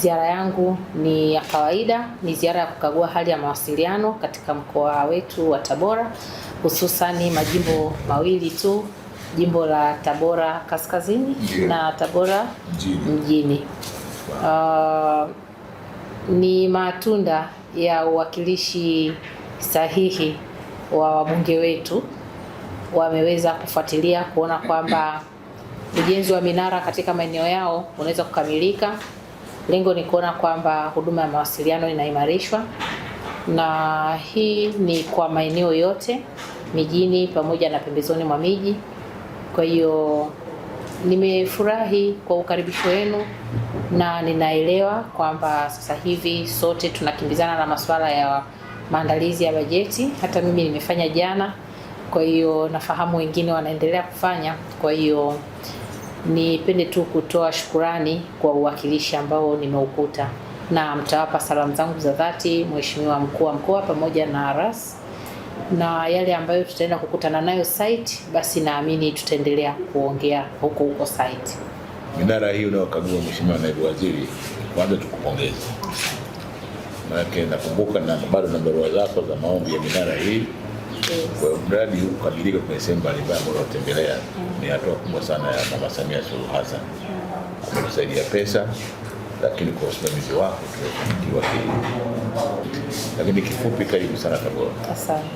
Ziara yangu ni ya kawaida, ni ziara ya kukagua hali ya mawasiliano katika mkoa wetu wa Tabora, hususani majimbo mawili tu, jimbo la Tabora Kaskazini Mjini. na Tabora Mjini, Mjini. Wow. Uh, ni matunda ya uwakilishi sahihi wa wabunge wetu, wameweza kufuatilia kuona kwamba ujenzi wa minara katika maeneo yao unaweza kukamilika. Lengo ni kuona kwamba huduma ya mawasiliano inaimarishwa, na hii ni kwa maeneo yote mijini pamoja na pembezoni mwa miji. Kwa hiyo nimefurahi kwa ukaribisho wenu na ninaelewa kwamba sasa hivi sote tunakimbizana na masuala ya maandalizi ya bajeti. Hata mimi nimefanya jana, kwa hiyo nafahamu wengine wanaendelea kufanya, kwa hiyo Nipende tu kutoa shukurani kwa uwakilishi ambao nimeukuta na mtawapa salamu zangu za dhati Mheshimiwa Mkuu wa Mkoa pamoja na RAS, na yale ambayo tutaenda kukutana nayo site, basi naamini tutaendelea kuongea huko huko site. Minara hii unayokagua Mheshimiwa Naibu Waziri, kwanza tukupongeze, maanake nakumbuka na bado na barua zako za maombi ya minara hii. Kwa hiyo mradi huu kukamilika kwenye sehemu mbalimbali ambao unatembelea ni hatua kubwa sana ya Mama Samia Suluhu Hassan. Ametusaidia pesa, lakini kwa usimamizi wako tumefanikiwa. Lakini kifupi, karibu sana Tabora. Asante.